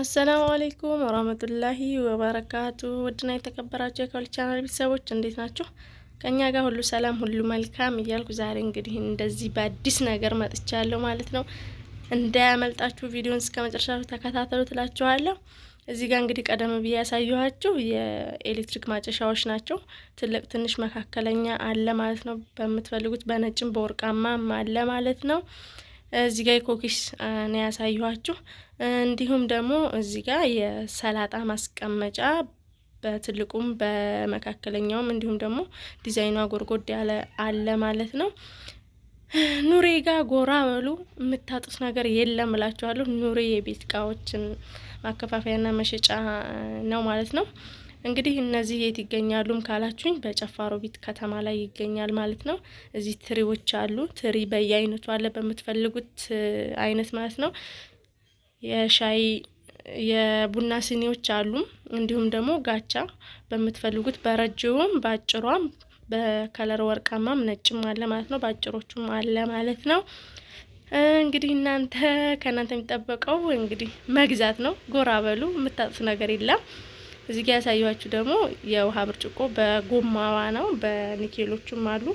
አሰላሙ አሌይኩም ወራህመቱላሂ ወበረካቱ። ውድና የተከበራችሁ የከውል ቻናል ቤተሰቦች እንዴት ናችሁ? ከእኛ ጋር ሁሉ ሰላም፣ ሁሉ መልካም እያልኩ ዛሬ እንግዲህ እንደዚህ በአዲስ ነገር መጥቻለሁ ማለት ነው። እንዳያመልጣችሁ ቪዲዮን እስከ መጨረሻ ተከታተሉ ትላችኋለሁ። እዚህ ጋር እንግዲህ ቀደም ብዬ ያሳየኋችሁ የኤሌክትሪክ ማጨሻዎች ናቸው። ትልቅ፣ ትንሽ፣ መካከለኛ አለ ማለት ነው። በምትፈልጉት በነጭም በወርቃማም አለ ማለት ነው። እዚህ ጋር የኮኪስ ነው ያሳየኋችሁ። እንዲሁም ደግሞ እዚህ ጋር የሰላጣ ማስቀመጫ በትልቁም በመካከለኛውም እንዲሁም ደግሞ ዲዛይኗ ጎርጎድ ያለ አለ ማለት ነው። ኑሬ ጋ ጎራ በሉ፣ የምታጡት ነገር የለም እላችኋለሁ። ኑሬ የቤት እቃዎችን ማከፋፈያና መሸጫ ነው ማለት ነው። እንግዲህ እነዚህ የት ይገኛሉም ካላችሁኝ በጨፋሮቢት ከተማ ላይ ይገኛል ማለት ነው። እዚህ ትሪዎች አሉ። ትሪ በየአይነቱ አለ፣ በምትፈልጉት አይነት ማለት ነው። የሻይ የቡና ስኒዎች አሉ። እንዲሁም ደግሞ ጋቻ በምትፈልጉት በረጅውም በአጭሯም በከለር ወርቃማም ነጭም አለ ማለት ነው። በአጭሮቹም አለ ማለት ነው። እንግዲህ እናንተ ከእናንተ የሚጠበቀው እንግዲህ መግዛት ነው። ጎራ በሉ። የምታጡት ነገር የለም። እዚህ ጋር ያሳየኋችሁ ደግሞ የውሃ ብርጭቆ በጎማዋ ነው፣ በኒኬሎቹም አሉ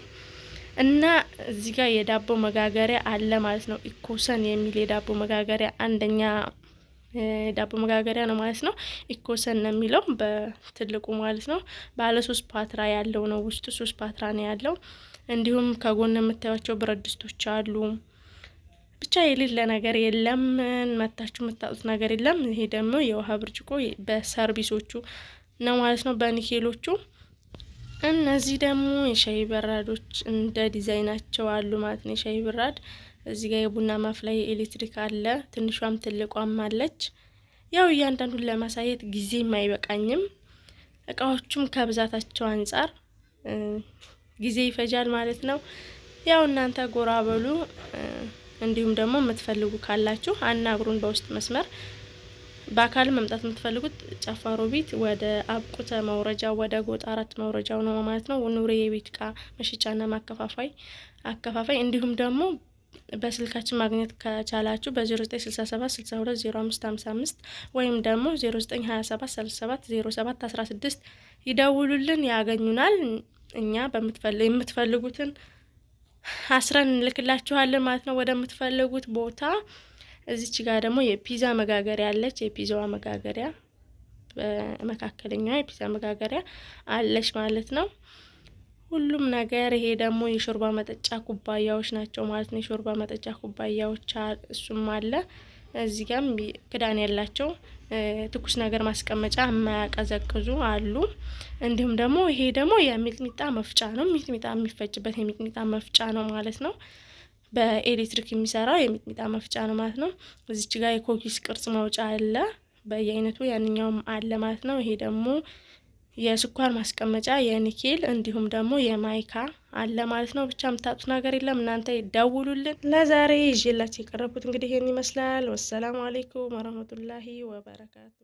እና እዚህ ጋር የዳቦ መጋገሪያ አለ ማለት ነው። ኢኮሰን የሚል የዳቦ መጋገሪያ አንደኛ የዳቦ መጋገሪያ ነው ማለት ነው። ኢኮሰን ነው የሚለው በትልቁ ማለት ነው። ባለ ሶስት ፓትራ ያለው ነው። ውስጡ ሶስት ፓትራ ነው ያለው። እንዲሁም ከጎን የምታያቸው ብረት ድስቶች አሉ። ብቻ የሌለ ነገር የለም። መታችሁ የምታጡት ነገር የለም። ይሄ ደግሞ የውሃ ብርጭቆ በሰርቪሶቹ ነው ማለት ነው፣ በኒኬሎቹ። እነዚህ ደግሞ የሻይ በራዶች እንደ ዲዛይናቸው አሉ ማለት ነው። የሻይ በራድ እዚህ ጋር የቡና ማፍላይ ኤሌክትሪክ አለ፣ ትንሿም ትልቋም አለች። ያው እያንዳንዱን ለማሳየት ጊዜም አይበቃኝም። እቃዎቹም ከብዛታቸው አንጻር ጊዜ ይፈጃል ማለት ነው። ያው እናንተ ጎራ በሉ። እንዲሁም ደግሞ የምትፈልጉ ካላችሁ አናግሩን በውስጥ መስመር። በአካል መምጣት የምትፈልጉት ጨፋሮ ቤት ወደ አብቁተ መውረጃው ወደ ጎጥ አራት መውረጃው ነው ማለት ነው። ኑሬ የቤት እቃ መሸጫና ማከፋፋይ አከፋፋይ እንዲሁም ደግሞ በስልካችን ማግኘት ከቻላችሁ በ0967620555 ወይም ደግሞ 0927370716 ይደውሉልን፣ ያገኙናል። እኛ የምትፈልጉትን አስረን እንልክላችኋለን ማለት ነው ወደምትፈልጉት ቦታ። እዚች ጋር ደግሞ የፒዛ መጋገሪያ አለች። የፒዛዋ መጋገሪያ በመካከለኛዋ የፒዛ መጋገሪያ አለች ማለት ነው። ሁሉም ነገር ይሄ ደግሞ የሾርባ መጠጫ ኩባያዎች ናቸው ማለት ነው። የሾርባ መጠጫ ኩባያዎች እሱም አለ። እዚህ ጋም ክዳን ያላቸው ትኩስ ነገር ማስቀመጫ የማያቀዘቅዙ አሉ። እንዲሁም ደግሞ ይሄ ደግሞ የሚጥሚጣ መፍጫ ነው። ሚጥሚጣ የሚፈጭበት የሚጥሚጣ መፍጫ ነው ማለት ነው። በኤሌክትሪክ የሚሰራው የሚጥሚጣ መፍጫ ነው ማለት ነው። እዚች ጋር የኮኪስ ቅርጽ ማውጫ አለ፣ በየአይነቱ ያንኛውም አለ ማለት ነው። ይሄ ደግሞ የስኳር ማስቀመጫ የኒኬል እንዲሁም ደግሞ የማይካ አለ ማለት ነው። ብቻ የምታጡት ነገር የለም እናንተ ይደውሉልን። ለዛሬ ይዤላችሁ የቀረብኩት እንግዲህ ይህን ይመስላል። ወሰላሙ አሌይኩም ወረህመቱላሂ ወበረካቱ።